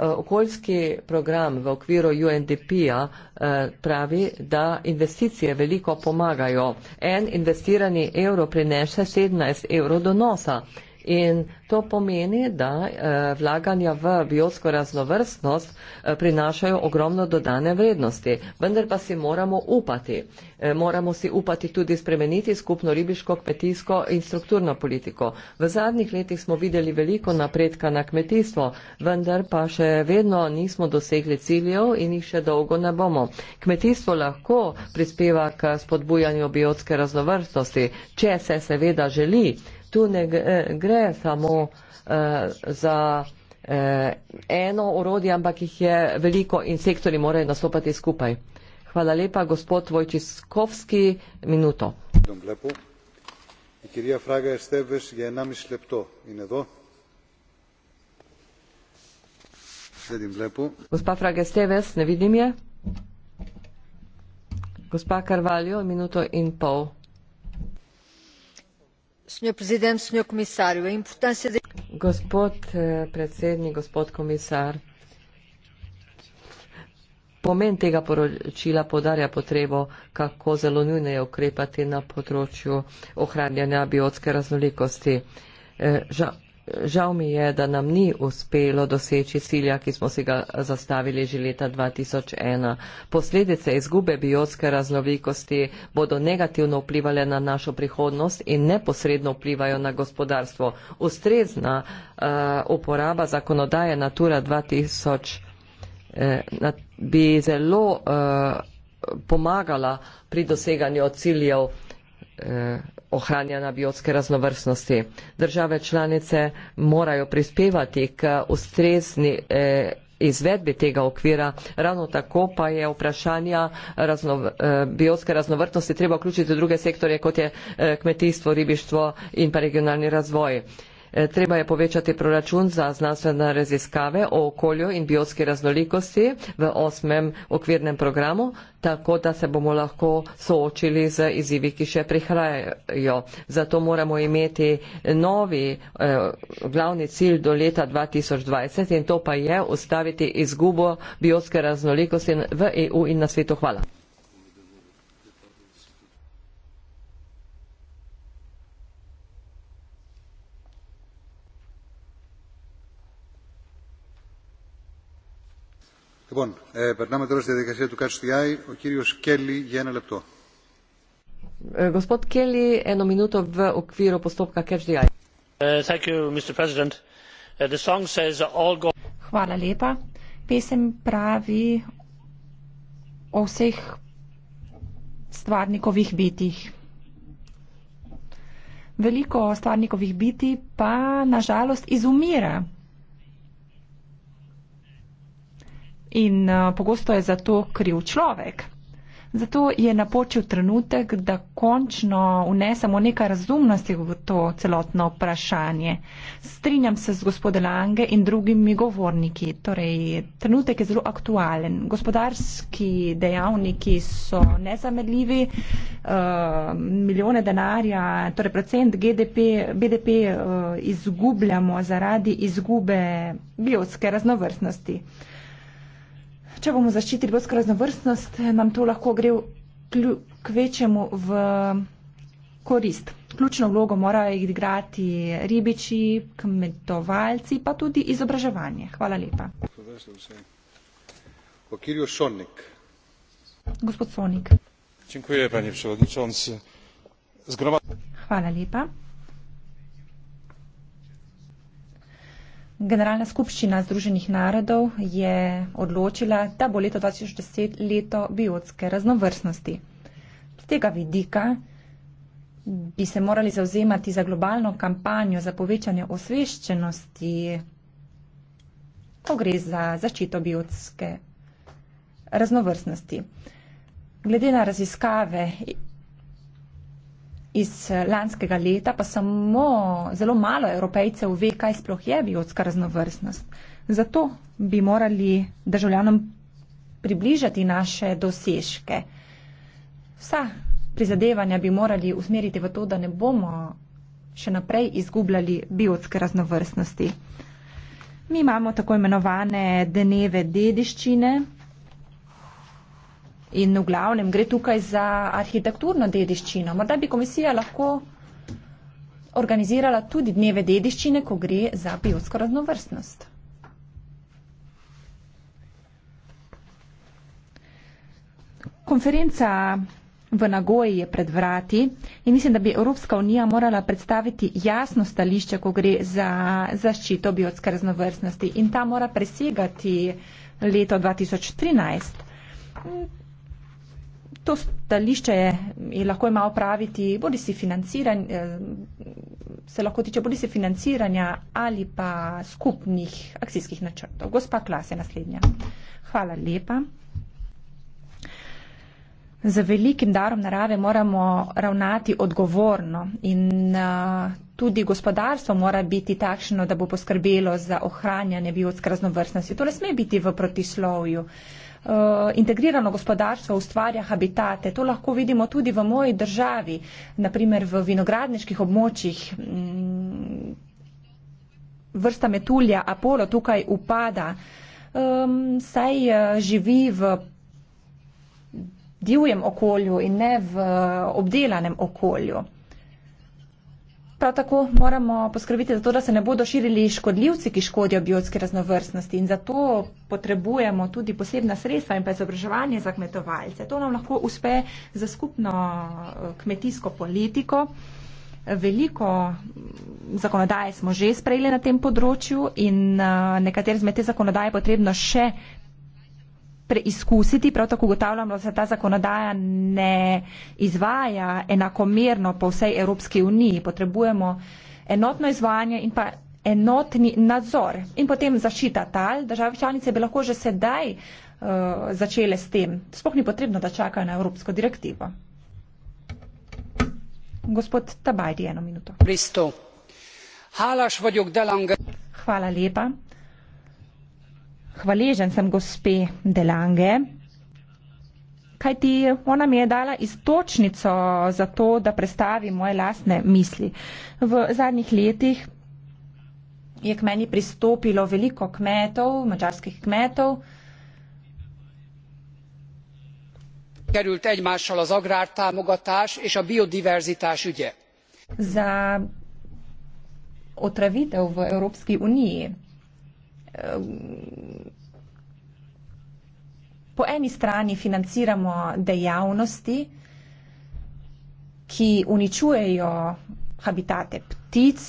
Eh, okoljski program v okviru UNDP-ja eh, pravi, da investicije veliko pomagajo. En investirani evro prinese 17 evrov donosa. In to pomeni, da eh, vlaganja v biotsko raznovrstnost eh, prinašajo ogromno dodane vrednosti. Vendar pa si moramo upati. Eh, moramo si upati tudi spremeniti skupno ribiško, kmetijsko in strukturno politiko. V zadnjih letih smo videli veliko napredka na kmetijstvo, vendar pa še vedno nismo dosegli ciljev in jih še dolgo ne bomo. Kmetijstvo lahko prispeva k spodbujanju biotske raznovrstnosti, če se seveda želi tu ne gre eh, samo uh, za uh, eno urodje, ampak jih je veliko in sektori morajo nastopati skupaj. Hvala lepa, gospod Vojčiskovski, minuto. Gospa Frage Steves, ne vidim je. Gospa Karvaljo, minuto in pol. Gospod eh, predsednik, gospod komisar, pomen tega poročila podarja potrebo, kako zelo nujno je ukrepati na področju ohranjanja biotske raznolikosti. Eh, Žal mi je, da nam ni uspelo doseči cilja, ki smo si ga zastavili že leta 2001. Posledice izgube biotske raznolikosti bodo negativno vplivali na našo prihodnost in neposredno vplivajo na gospodarstvo. Ustrezna uh, uporaba zakonodaje Natura 2000 eh, bi zelo uh, pomagala pri doseganju ciljev. Eh, ohranjanja biotske raznovrstnosti. Države članice morajo prispevati k ustrezni eh, izvedbi tega okvira, ravno tako pa je vprašanja razno, eh, biotske raznovrstnosti treba vključiti v druge sektorje, kot je kmetijstvo, ribištvo in pa regionalni razvoj. Eh, treba je povečati proračun za znanstvene raziskave o okolju in biotski raznolikosti v osmem okvirnem programu, tako da se bomo lahko soočili z izzivi, ki še prihrajajo. Zato moramo imeti novi eh, glavni cilj do leta 2020 in to pa je ustaviti izgubo biotske raznolikosti v EU in na svetu. Hvala. mr president the song says all go. hvala lepa pesem pravi o vseh stvarnikovih bitih veliko stvarnikovih biti pa na žalost izumira in uh, pogosto je za to kriv človek. Zato je napočil trenutek, da končno unesemo nekaj razumnosti v to celotno vprašanje. Strinjam se z gospodem Lange in drugimi govorniki. Torej, trenutek je zelo aktualen. Gospodarski dejavniki so nezamedljivi, uh, eh, milijone denarja, torej procent GDP, BDP uh, eh, izgubljamo zaradi izgube biotske raznovrstnosti. Uh, Če bomo zaščitili biotsko raznovrstnost, nam to lahko gre k večjemu v korist. Ključno vlogo morajo igrati ribiči, kmetovalci, pa tudi izobraževanje. Hvala lepa. Gospod Sonik. Hvala lepa. Generalna skupščina Združenih narodov je odločila, da bo leto 2010 leto biotske raznovrstnosti. Z tega vidika bi se morali zauzemati za globalno kampanjo za povečanje osveščenosti, ko gre za zaščito biotske raznovrstnosti. Glede na raziskave iz eh, lanskega leta pa samo zelo malo evropejcev ve, kaj sploh je biotska raznovrstnost. Zato bi morali državljanom približati naše dosežke. Vsa prizadevanja bi morali usmeriti v to, da ne bomo še naprej izgubljali biotske raznovrstnosti. Mi imamo tako imenovane dneve dediščine, In v glavnem gre tukaj za arhitekturno dediščino. Morda bi komisija lahko organizirala tudi dneve dediščine, ko gre za biotsko raznovrstnost. Konferenca v Nagoji je pred vrati in mislim, da bi Evropska unija morala predstaviti jasno stališče, ko gre za zaščito biotske raznovrstnosti in ta mora presegati leto 2013 to stališče je, je lahko ima opraviti, bodi si financiran, eh, se lahko tiče bodi si financiranja ali pa skupnih akcijskih načrtov. Gospa Klas je naslednja. Hvala lepa. Z velikim darom narave moramo ravnati odgovorno in eh, tudi gospodarstvo mora biti takšno, da bo poskrbelo za ohranjanje biotske raznovrstnosti. To ne sme biti v protislovju. Eh, integrirano gospodarstvo ustvarja habitate. To lahko vidimo tudi v moji državi, naprimer v vinogradniških območjih. Mm, vrsta metulja Apollo tukaj upada, saj eh, živi v divjem okolju in ne v eh, obdelanem okolju. Prav tako moramo poskrbiti za to, da se ne bodo širili škodljivci, ki škodijo biotski raznovrstnosti in zato potrebujemo tudi posebna sredstva in pa izobraževanje za kmetovalce. To nam lahko uspe za skupno eh, kmetijsko politiko. Veliko mm, zakonodaje smo že sprejeli na tem področju in eh, nekatere zmete zakonodaje je potrebno še preizkusiti, prav tako ugotavljamo, da se ta zakonodaja ne izvaja enakomerno po vsej Evropski uniji. Potrebujemo enotno izvajanje in pa enotni nadzor in potem zaščita tal. Države članice bi lahko že sedaj uh, začele s tem. Spoh ni potrebno, da čakajo na Evropsko direktivo. Gospod Tabajdi, eno minuto. Hvala lepa hvaležen sem gospe Delange, kaj ti ona mi je dala istočnico za to, da predstavi moje lasne misli. V zadnjih letih je k meni pristopilo veliko kmetov, mačarskih kmetov, került egymással az agrártámogatás és a biodiverzitás ügye. Za otravitev v Európskej unii Ehm, po eni strani financiramo dejavnosti, ki uničujejo habitate ptic,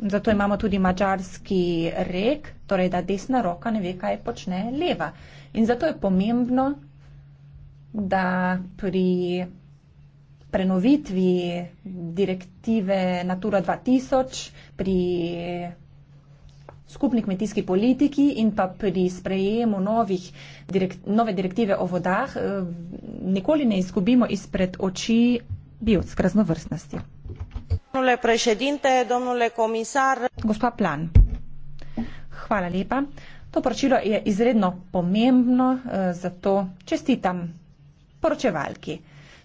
zato imamo tudi mačarski rek, torej da desna roka ne ve, kaj počne leva. In zato je pomembno, da pri prenovitvi direktive Natura 2000, pri skupni kmetijski politiki in pa pri sprejemu novih, direkt, nove direktive o vodah eh, nikoli ne izgubimo izpred oči biotske raznovrstnosti. Gospa Plan, hvala lepa. To poročilo je izredno pomembno, eh, zato čestitam poročevalki.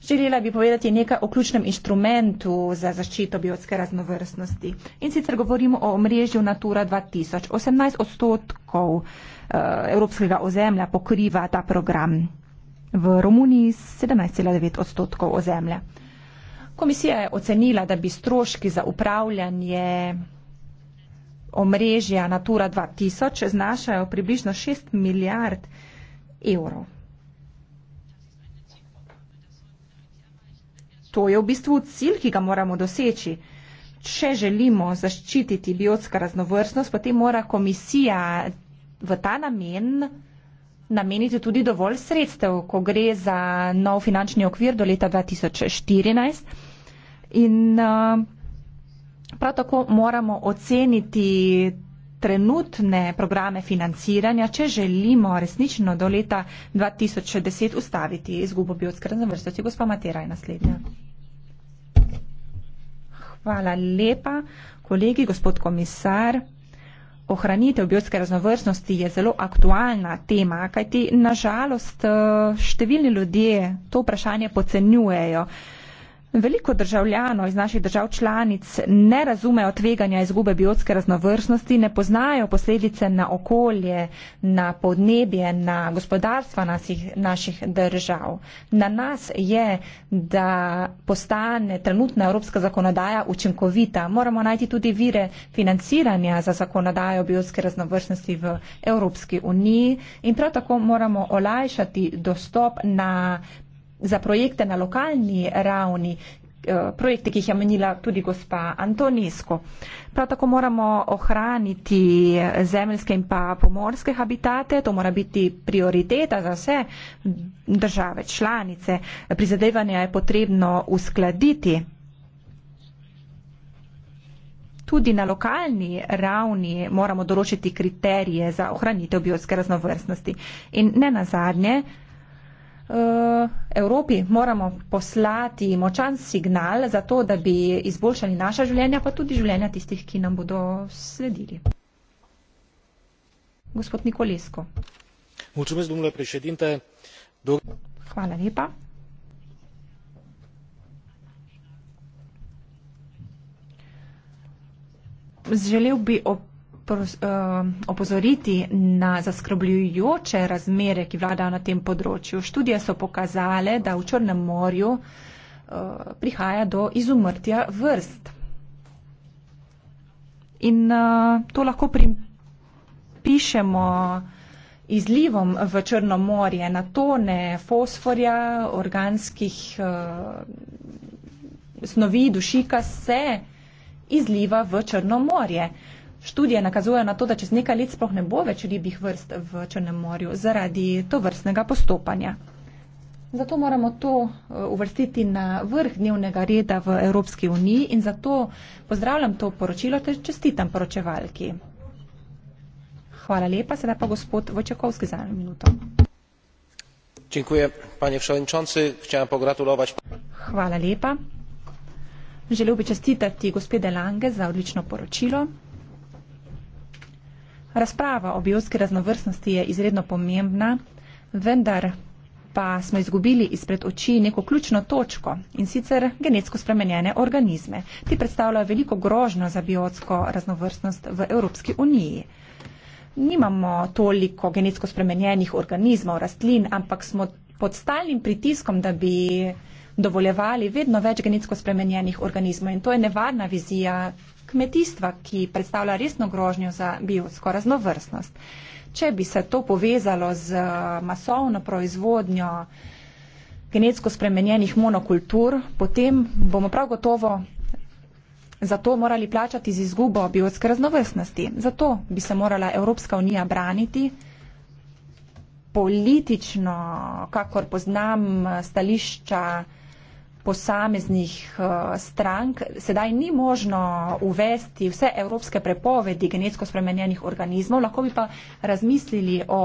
Želela bi povedati nekaj o ključnem inštrumentu za zaščito biotske raznovrstnosti. In sicer govorimo o omrežju Natura 2000. 18 odstotkov eh, evropskega ozemlja pokriva ta program. V Romuniji 17,9 odstotkov ozemlja. Komisija je ocenila, da bi stroški za upravljanje omrežja Natura 2000 znašajo približno 6 milijard evrov. To je v bistvu cilj, ki ga moramo doseči. Če želimo zaščititi biotsko raznovrstnost, potem mora komisija v ta namen nameniti tudi dovolj sredstev, ko gre za nov finančni okvir do leta 2014. In eh, prav tako moramo oceniti trenutne programe financiranja, če želimo resnično do leta 2010 ustaviti izgubo biotske raznovrstnosti. Gospa Matera je naslednja. Hvala lepa. Kolegi, gospod komisar, ohranitev biotske raznovrstnosti je zelo aktualna tema, kajti nažalost eh, številni ljudje to vprašanje pocenjujejo. Veliko državljanov iz naših držav članic ne razumejo tveganja izgube biotske raznovrstnosti, ne poznajo posledice na okolje, na podnebje, na gospodarstva nasih, naših držav. Na nas je, da postane trenutna evropska zakonodaja učinkovita. Moramo najti tudi vire financiranja za zakonodajo biotske raznovrstnosti v Evropski uniji in prav tako moramo olajšati dostop na za projekte na lokalni ravni, eh, projekte, ki jih je menila tudi gospa Antonijsko. Prav tako moramo ohraniti zemljske in pa pomorske habitate, to mora biti prioriteta za vse države, članice. Prizadevanja je potrebno uskladiti. Tudi na lokalni ravni moramo določiti kriterije za ohranitev biotske raznovrstnosti. In ne nazadnje, Eh, Evropi moramo poslati močan signal za to, da bi izboljšali naša življenja, pa tudi življenja tistih, ki nam bodo sledili. Gospod Nikolesko. Mulțumesc, domnule președinte. Do... Hvala lepa. Želel bi opraviti Eh, opozoriti na zaskrbljujoče razmere, ki vladajo na tem področju. Študije so pokazale, da v Črnem morju eh, prihaja do izumrtja vrst. In eh, to lahko pripišemo izlivom v Črno morje na tone fosforja, organskih snovi, dušika se izliva v Črno morje. Študije nakazujejo na to, da čez nekaj let sploh ne bo več ribjih vrst v Črnem morju zaradi to vrstnega postopanja. Zato moramo to eh, uvrstiti na vrh dnevnega reda v Evropski uniji in zato pozdravljam to poročilo ter čestitam poročevalki. Hvala lepa, sedaj pa gospod Vočakovski za eno minuto. Hvala lepa. Želel bi čestitati gospe Delange za odlično poročilo. Razprava o biotski raznovrstnosti je izredno pomembna, vendar pa smo izgubili izpred oči neko ključno točko in sicer genetsko spremenjene organizme. Ti predstavljajo veliko grožno za biotsko raznovrstnost v Evropski uniji. Nimamo toliko genetsko spremenjenih organizmov, rastlin, ampak smo pod stalnim pritiskom, da bi dovoljevali vedno več genetsko spremenjenih organizmov in to je nevarna vizija kmetijstva, ki predstavlja resno grožnjo za biotsko raznovrstnost. Če bi se to povezalo z eh, masovno proizvodnjo genetsko spremenjenih monokultur, potem bomo prav gotovo zato morali plačati z izgubo biotske raznovrstnosti. Zato bi se morala Evropska unija braniti politično, kakor poznam eh, stališča posameznih eh, strank. Sedaj ni možno uvesti vse evropske prepovedi genetsko spremenjenih organizmov, lahko bi pa razmislili o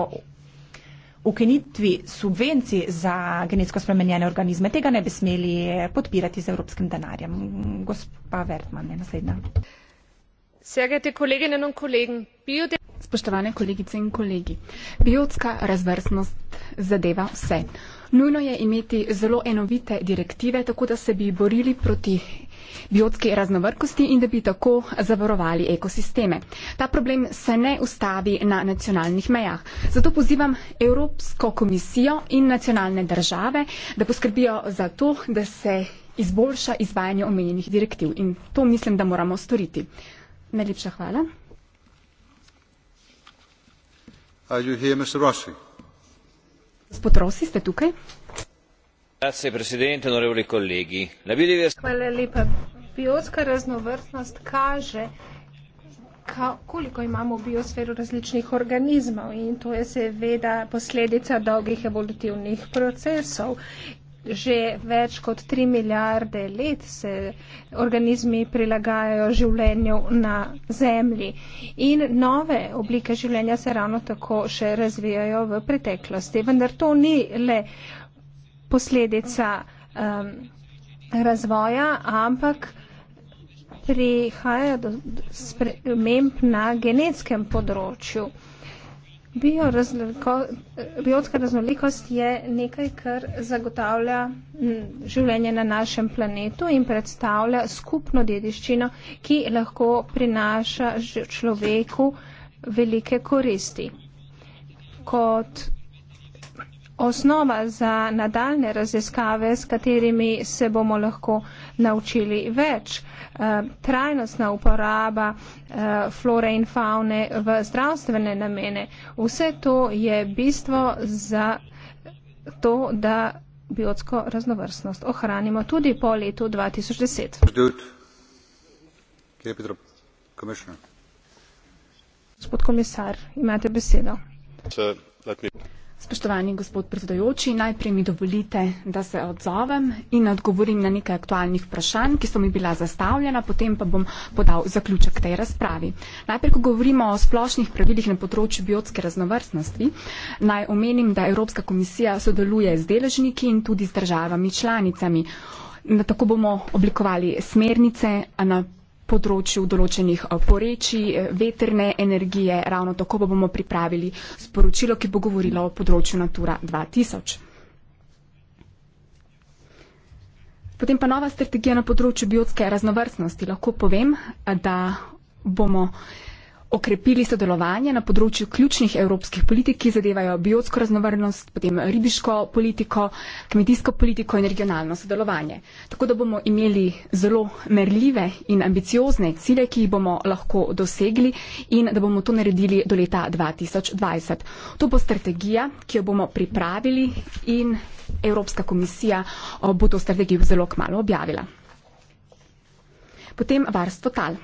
ukinitvi subvencij za genetsko spremenjene organizme. Tega ne bi smeli podpirati z evropskim denarjem. Gospa Vertman je naslednja. Spoštovane kolegice in kolegi, biotska razvrstnost zadeva vse. Nujno je imeti zelo enovite direktive, tako da se bi borili proti biotski raznovrkosti in da bi tako zavarovali ekosisteme. Ta problem se ne ustavi na nacionalnih mejah. Zato pozivam Evropsko komisijo in nacionalne države, da poskrbijo za to, da se izboljša izvajanje omenjenih direktiv. In to mislim, da moramo storiti. Najlepša hvala. Are you here, Mr. Rossi? Gospod Rossi, ste tukaj? Grazie, presidente, onorevoli colleghi. La Hvala lepa. Biotska raznovrstnost kaže, ka, koliko imamo v biosferu različnih organizmov in to je seveda posledica dolgih evolutivnih procesov že več kot 3 milijarde let se organizmi prilagajajo življenju na Zemlji in nove oblike življenja se ravno tako še razvijajo v preteklosti. Vendar to ni le posledica um, razvoja, ampak prihaja do sprememb na genetskem področju. Bio biotska raznolikost je nekaj, kar zagotavlja življenje na našem planetu in predstavlja skupno dediščino, ki lahko prinaša človeku velike koristi. Kot osnova za nadaljne raziskave, s katerimi se bomo lahko naučili več. Eh, trajnostna uporaba eh, flore in faune v zdravstvene namene, vse to je bistvo za to, da biotsko raznovrstnost ohranimo tudi po letu 2010. Gospod komisar, imate besedo. Let me... Spoštovani gospod predsedujoči, najprej mi dovolite, da se odzovem in odgovorim na nekaj aktualnih vprašanj, ki so mi bila zastavljena, potem pa bom podal zaključek tej razpravi. Najprej, ko govorimo o splošnih pravilih na področju biotske raznovrstnosti, naj omenim, da Evropska komisija sodeluje z deležniki in tudi z državami članicami. Na tako bomo oblikovali smernice, a na področju določenih eh, porečij, eh, vetrne energije, ravno tako pa bomo pripravili sporočilo, ki bo govorilo o področju Natura 2000. Potem pa nova strategija na področju biotske raznovrstnosti. Lahko povem, eh, da bomo okrepili sodelovanje na področju ključnih evropskih politik, ki zadevajo biotsko raznovrnost, potem ribiško politiko, kmetijsko politiko in regionalno sodelovanje. Tako da bomo imeli zelo merljive in ambiciozne cilje, ki jih bomo lahko dosegli in da bomo to naredili do leta 2020. To bo strategija, ki jo bomo pripravili in Evropska komisija eh, bo to strategijo zelo kmalo objavila. Potem varstvo tal.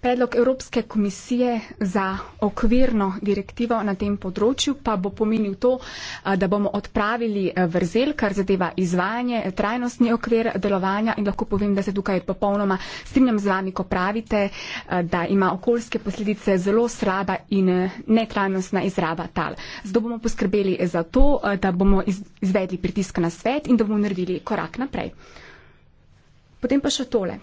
Predlog Evropske komisije za okvirno direktivo na tem področju pa bo pomenil to, da bomo odpravili vrzel, kar zadeva izvajanje, e, trajnostni okvir delovanja in lahko povem, da se tukaj popolnoma strinjam z vami, ko pravite, da ima okoljske posledice zelo slaba in e, netrajnostna izraba tal. Zato bomo poskrbeli za to, da bomo izvedli pritisk na svet in da bomo naredili korak naprej. Potem pa še tole.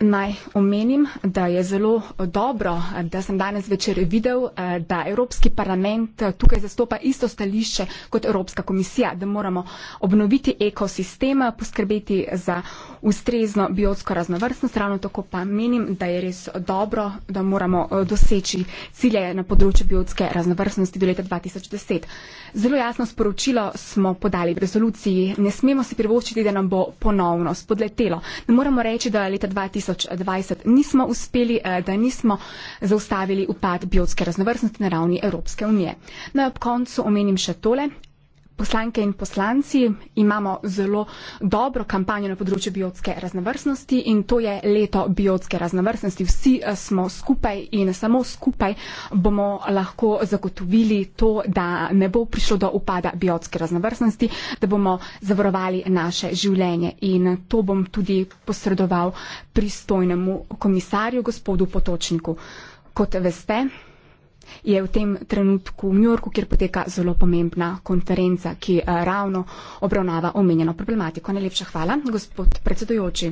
Naj omenim, da je zelo dobro, da sem danes večer videl, eh, da Evropski parlament tukaj zastopa isto stališče kot Evropska komisija, da moramo obnoviti ekosistem, poskrbeti za ustrezno biotsko raznovrstnost. Ravno tako pa menim, da je res dobro, da moramo eh, doseči cilje na področju biotske raznovrstnosti do leta 2010. Zelo jasno sporočilo smo podali v resoluciji. Ne smemo si privoščiti, da nam bo ponovno spodletelo. Ne moramo reči, da leta 2010 2020 nismo uspeli, eh, da nismo zaustavili upad biotske raznovrstnosti na ravni Evropske unije. Na koncu omenim še tole. Poslanke in poslanci imamo zelo dobro kampanjo na področju biotske raznovrstnosti in to je leto biotske raznovrstnosti. Vsi eh, smo skupaj in samo skupaj bomo lahko zagotovili to, da ne bo prišlo do upada biotske raznovrstnosti, da bomo zavarovali naše življenje in to bom tudi posredoval pristojnemu komisarju, gospodu Potočniku. Kot veste, je v tem trenutku v New Yorku, kjer poteka zelo pomembna konferenca, ki eh, ravno obravnava omenjeno problematiko. Najlepša hvala, gospod predsedujoči.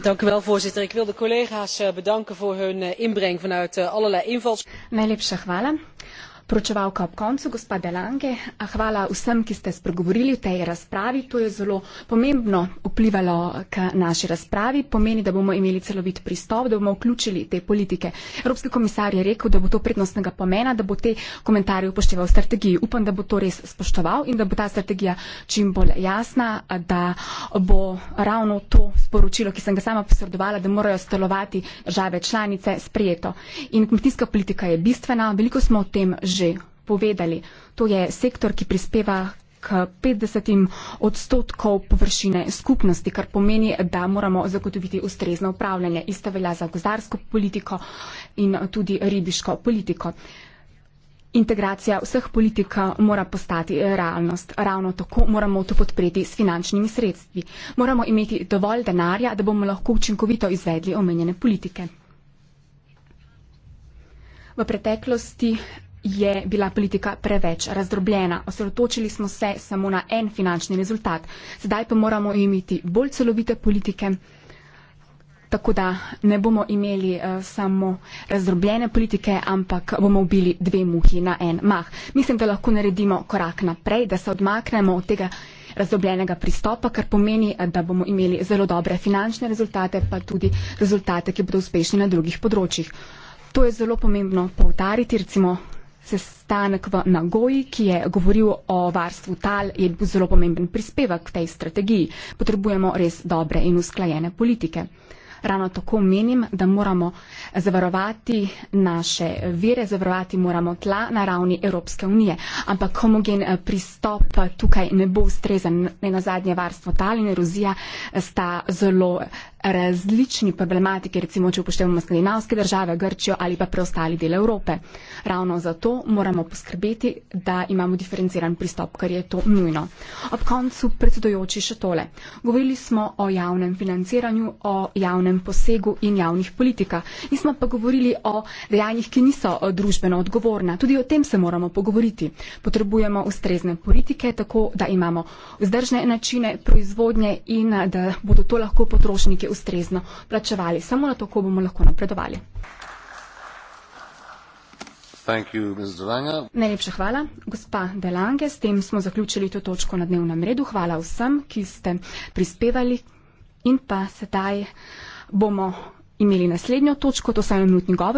Dank u wel, voorzitter. Ik wil de collega's eh, bedanken voor hun eh, inbreng vanuit allerlei invalshoeken. Najlepša hvala pročevalka ob koncu, gospa Delange. Hvala vsem, ki ste spregovorili v tej razpravi. To je zelo pomembno vplivalo k naši razpravi. Pomeni, da bomo imeli celovit pristop, da bomo vključili te politike. Evropski komisar je rekel, da bo to prednostnega pomena, da bo te komentarje upošteval v strategiji. Upam, da bo to res spoštoval in da bo ta strategija čim bolj jasna, da bo ravno to sporočilo, ki sem ga sama posredovala, da morajo stolovati države članice, sprejeto. In kmetijska politika je bistvena. Veliko smo o tem že že povedali. To je sektor, ki prispeva k 50 odstotkov površine skupnosti, kar pomeni, da moramo zagotoviti ustrezno upravljanje. Ista velja za gozdarsko politiko in tudi ribiško politiko. Integracija vseh politik eh, mora postati eh, realnost. Ravno tako moramo to podpreti s finančnimi sredstvi. Moramo imeti dovolj denarja, da bomo lahko učinkovito izvedli omenjene politike. V preteklosti je bila politika preveč razdrobljena. Osredotočili smo se samo na en finančni rezultat. Sedaj pa moramo imeti bolj celovite politike, tako da ne bomo imeli uh, samo razdrobljene politike, ampak bomo ubili dve muhi na en mah. Mislim, da lahko naredimo korak naprej, da se odmaknemo od tega razdobljenega pristopa, kar pomeni, eh, da bomo imeli zelo dobre finančne rezultate, pa tudi rezultate, ki bodo uspešni na drugih področjih. To je zelo pomembno povdariti, recimo sestanek v Nagoji, ki je govoril o varstvu tal, je bil zelo pomemben prispevek k tej strategiji. Potrebujemo res dobre in usklajene politike. Ravno tako menim, da moramo zavarovati naše vere, zavarovati moramo tla na ravni Evropske unije. Ampak homogen eh, pristop eh, tukaj ne bo ustrezen. Ne na zadnje varstvo tal in erozija eh, sta zelo različni problematiki, recimo če upoštevamo skandinavske države, Grčijo ali pa preostali del Evrope. Ravno zato moramo poskrbeti, da imamo diferenciran pristop, ker je to nujno. Ob koncu predsedojoči še tole. Govorili smo o javnem financiranju, o javnem posegu in javnih politikah. Nismo pa govorili o dejanjih, ki niso eh, družbeno odgovorna. Tudi o tem se moramo pogovoriti. Potrebujemo ustrezne politike, tako da imamo vzdržne načine proizvodnje in eh, da bodo to lahko potrošniki ustrezno plačevali. Samo na tako bomo lahko napredovali. You, Najlepša hvala, gospa Delange. S tem smo zaključili to točko na dnevnem redu. Hvala vsem, ki ste prispevali in pa sedaj bomo imeli naslednjo točko, to so enotni govori.